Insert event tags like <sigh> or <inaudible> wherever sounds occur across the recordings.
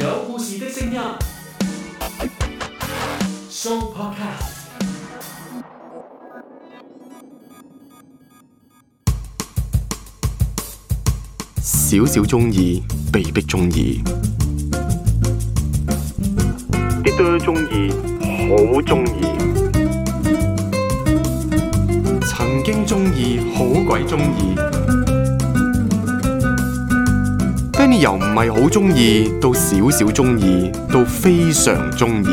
有故事的聲音，Show Podcast，少少中意，被迫中意，啲多都中意，好中意，曾經中意，好鬼中意。由唔係好中意到少少中意到非常中意，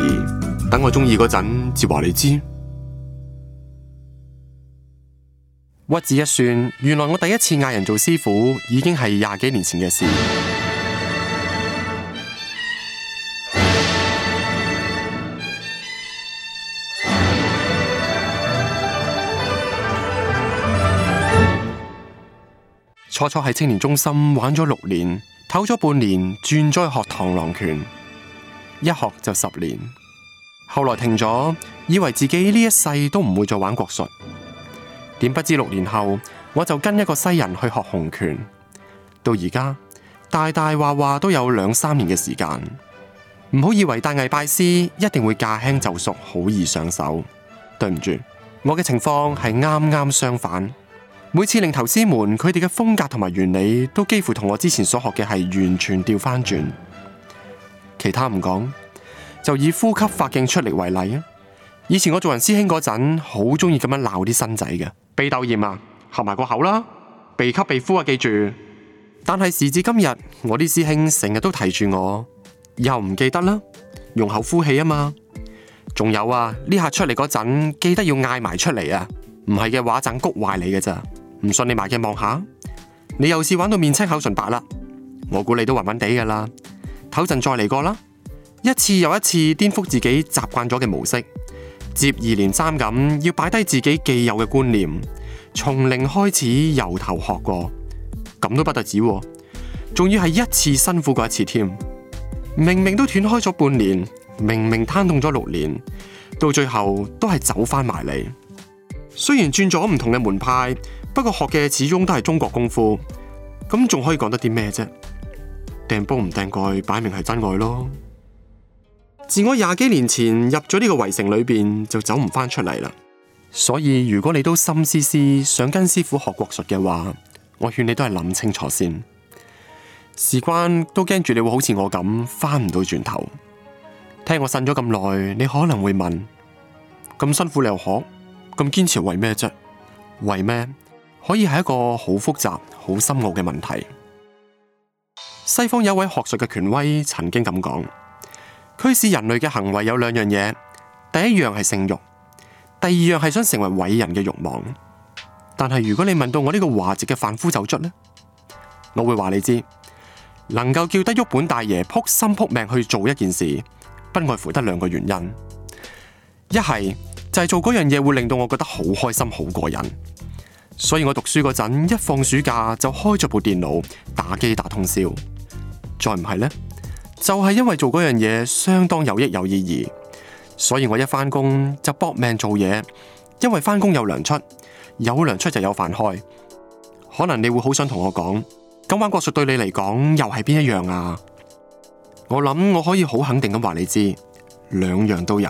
等我中意嗰陣，至話你知。屈指一算，原來我第一次嗌人做師傅，已經係廿幾年前嘅事。 <music> 初初喺青年中心玩咗六年。唞咗半年，轉咗去學螳螂拳，一學就十年。後來停咗，以為自己呢一世都唔會再玩國術。點不知六年後，我就跟一個西人去學洪拳。到而家大大話話都有兩三年嘅時間。唔好以為帶藝拜師一定會駕輕就熟，好易上手。對唔住，我嘅情況係啱啱相反。每次令頭師們佢哋嘅風格同埋原理都幾乎同我之前所學嘅係完全調翻轉。其他唔講，就以呼吸發勁出力為例啊。以前我做人師兄嗰陣，好中意咁樣鬧啲新仔嘅鼻竇炎啊，合埋個口啦，鼻吸鼻呼啊，記住。但係時至今日，我啲師兄成日都提住我，又唔記得啦，用口呼氣啊嘛。仲有啊，呢下出嚟嗰陣記得要嗌埋出嚟啊，唔係嘅話盞谷壞你嘅咋。唔信你埋鏡，望下你又試玩到面青口唇白啦。我估你都暈暈地噶啦。唞陣再嚟過啦，一次又一次顛覆自己習慣咗嘅模式，接二連三咁要擺低自己既有嘅觀念，從零開始由頭學過，咁都不特止、啊，仲要係一次辛苦過一次添。明明都斷開咗半年，明明癱動咗六年，到最後都係走翻埋嚟。雖然轉咗唔同嘅門派。不過學嘅始終都係中國功夫，咁仲可以講得啲咩啫？掟煲唔掟蓋，擺明係真愛咯。自我廿幾年前入咗呢個圍城裏邊，就走唔翻出嚟啦。所以如果你都心思思想跟師傅學國術嘅話，我勸你都係諗清楚先。事關都驚住你會好似我咁翻唔到轉頭。聽我呻咗咁耐，你可能會問：咁辛苦你又學，咁堅持為咩啫？為咩？可以係一個好複雜、好深奧嘅問題。西方有位學術嘅權威曾經咁講：驅使人類嘅行為有兩樣嘢，第一樣係性慾，第二樣係想成為偉人嘅慾望。但係如果你問到我呢個華籍嘅販夫走卒呢，我會話你知，能夠叫得喐本大爺撲心撲命去做一件事，不外乎得兩個原因，一係就係做嗰樣嘢會令到我覺得好開心、好過癮。所以我讀書嗰陣，一放暑假就開咗部電腦打機打通宵。再唔係呢，就係因為做嗰樣嘢相當有益有意義。所以我一翻工，就搏命做嘢，因為翻工有糧出，有糧出就有飯開。可能你會好想同我講，今晚國術對你嚟講又係邊一樣啊？我諗我可以好肯定咁話你知，兩樣都有。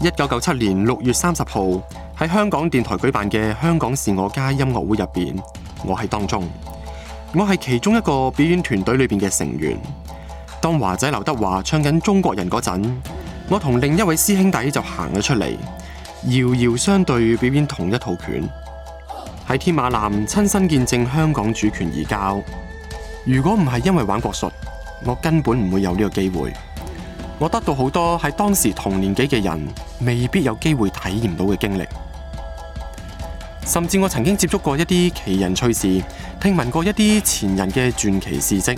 一九九七年六月三十號。喺香港電台舉辦嘅《香港是我家》音樂會入邊，我喺當中，我係其中一個表演團隊裏邊嘅成員。當華仔劉德華唱緊《中國人》嗰陣，我同另一位師兄弟就行咗出嚟，遙遙相對表演同一套拳。喺天馬南親身見證香港主權移交。如果唔係因為玩國術，我根本唔會有呢個機會。我得到好多喺當時同年紀嘅人未必有機會體驗到嘅經歷。甚至我曾經接觸過一啲奇人趣事，聽聞過一啲前人嘅傳奇事蹟，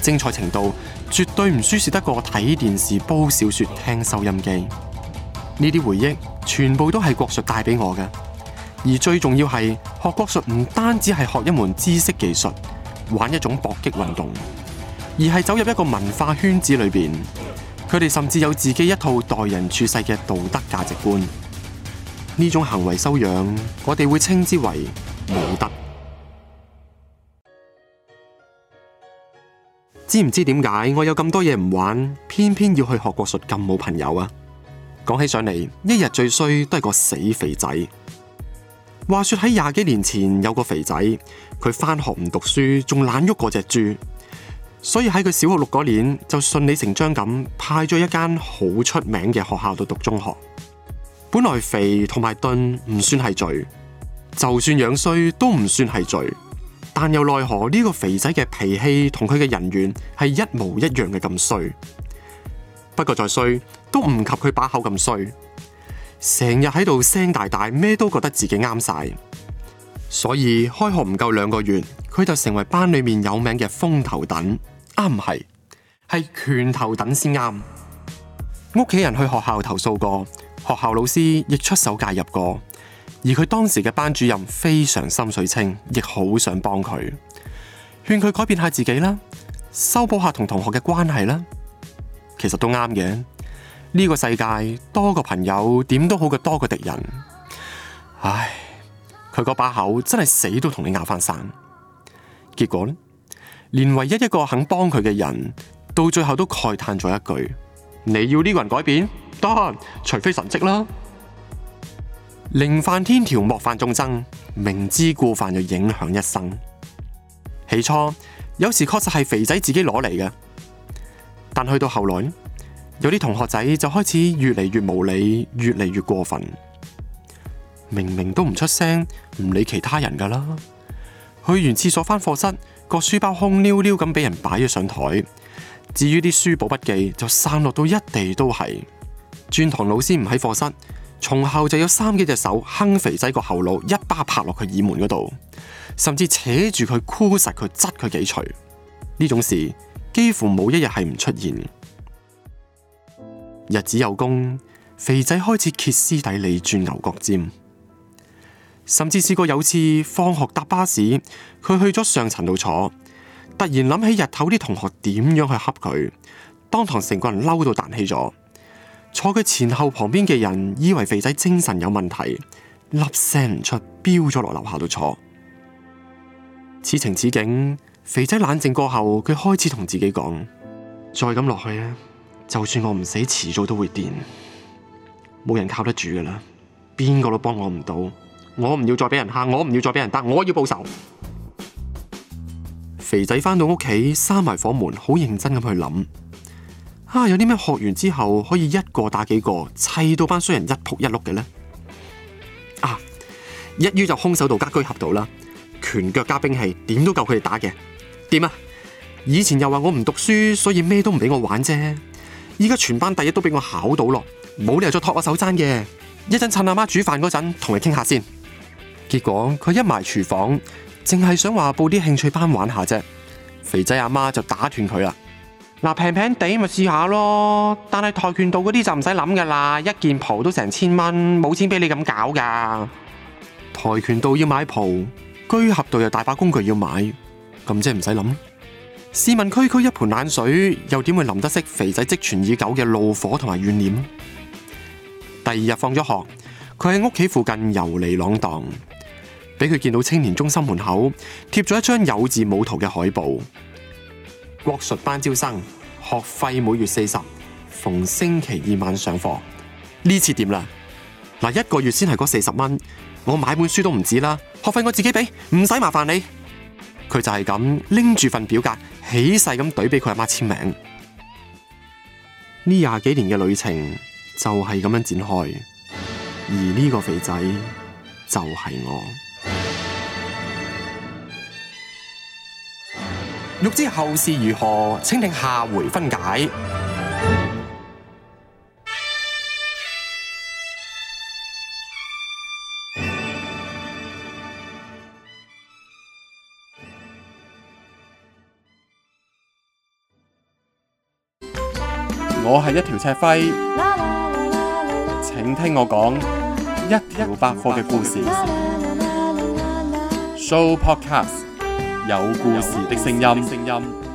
精彩程度絕對唔輸蝕得過睇電視、煲小說、聽收音機。呢啲回憶全部都係國術帶俾我嘅，而最重要係學國術唔單止係學一門知識技術、玩一種搏擊運動，而係走入一個文化圈子裏面，佢哋甚至有自己一套待人處世嘅道德價值觀。呢種行為修養，我哋會稱之為冇德。知唔知點解我有咁多嘢唔玩，偏偏要去學國術咁冇朋友啊？講起上嚟，一日最衰都係個死肥仔。話說喺廿幾年前有個肥仔，佢翻學唔讀書，仲懶喐過隻豬，所以喺佢小學六嗰年就順理成章咁派咗一間好出名嘅學校度讀中學。本來肥同埋鈍唔算係罪，就算樣衰都唔算係罪。但又奈何呢個肥仔嘅脾氣同佢嘅人緣係一模一樣嘅咁衰。不過再衰都唔及佢把口咁衰，成日喺度聲大大，咩都覺得自己啱晒。所以開學唔夠兩個月，佢就成為班裏面有名嘅風頭等。啱唔係，係拳頭等先啱。屋企人去學校投訴過。學校老師亦出手介入過，而佢當時嘅班主任非常心水清，亦好想幫佢，勸佢改變下自己啦，修補下同同學嘅關係啦，其實都啱嘅。呢個世界多個朋友點都好過多個敵人。唉，佢嗰把口真係死都同你拗翻生，結果咧，連唯一一個肯幫佢嘅人，到最後都慨嘆咗一句：你要呢個人改變？得，除非神蹟啦。寧犯天條，莫犯眾憎，明知故犯，就影響一生。起初有時確實係肥仔自己攞嚟嘅，但去到後來，有啲同學仔就開始越嚟越無理，越嚟越過分。明明都唔出聲，唔理其他人噶啦。去完廁所返課室，個書包空溜溜咁俾人擺咗上台。至於啲書簿筆記，就散落到一地都係。轉堂老師唔喺課室，從後就有三幾隻手，哼肥仔個後腦一巴拍落佢耳門嗰度，甚至扯住佢箍實佢，質佢幾錘。呢種事幾乎冇一日係唔出現。日子有功，肥仔開始歇斯底里轉牛角尖，甚至試過有次放學搭巴士，佢去咗上層度坐，突然諗起日頭啲同學點樣去恰佢，當堂成個人嬲到彈起咗。坐佢前後旁邊嘅人以為肥仔精神有問題，粒聲唔出，飆咗落樓下度坐。此情此景，肥仔冷靜過後，佢開始同自己講：再咁落去啊，就算我唔死，遲早都會癲，冇人靠得住噶啦，邊個都幫我唔到。我唔要再俾人吓，我唔要再俾人打，我要報仇。肥仔返到屋企，閂埋房門，好認真咁去諗。啊！有啲咩學完之後可以一個打幾個，砌到班衰人一仆一碌嘅咧？啊！一於就空手道加居合道啦，拳腳加兵器，點都夠佢哋打嘅。掂啊？以前又話我唔讀書，所以咩都唔俾我玩啫。依家全班第一都俾我考到咯，冇理由再托我手踭嘅。一陣趁阿媽煮飯嗰陣同佢傾下先。結果佢一埋廚房，淨係想話報啲興趣班玩下啫。肥仔阿媽就打斷佢啦。嗱，平平地咪試下咯，但係跆拳道嗰啲就唔使諗噶啦，一件袍都成千蚊，冇錢俾你咁搞噶。跆拳道要買袍，居合道又大把工具要買，咁即係唔使諗。試問區區一盆冷水，又點會淋得熄肥仔積存已久嘅怒火同埋怨念？第二日放咗學，佢喺屋企附近遊離浪蕩，俾佢見到青年中心門口貼咗一張有字冇圖嘅海報。國術班招生，學費每月四十，逢星期二晚上課。呢次掂啦，嗱一個月先係嗰四十蚊，我買本書都唔止啦，學費我自己俾，唔使麻煩你。佢就係咁拎住份表格，起勢咁懟俾佢阿媽簽名。呢廿幾年嘅旅程就係咁樣展開，而呢個肥仔就係我。欲知後事如何，請聽下回分解。我係一條赤輝，請聽我講一條百貨嘅故事。Show podcast。有故事的聲音。